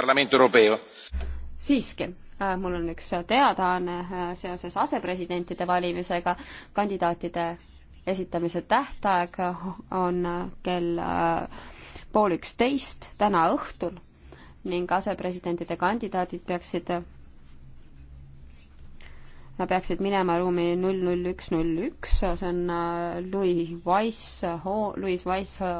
parlamento europeo. siiski äh, mul on üks teadaanne äh, seoses asepresidentide valimisega. kandidaatide esitamise tähtaeg on äh, kell pool üksteist täna õhtul ning asepresidentide kandidaadid peaksid, peaksid minema ruumi null null üks null üks, see on Louis Wise, Louis Wise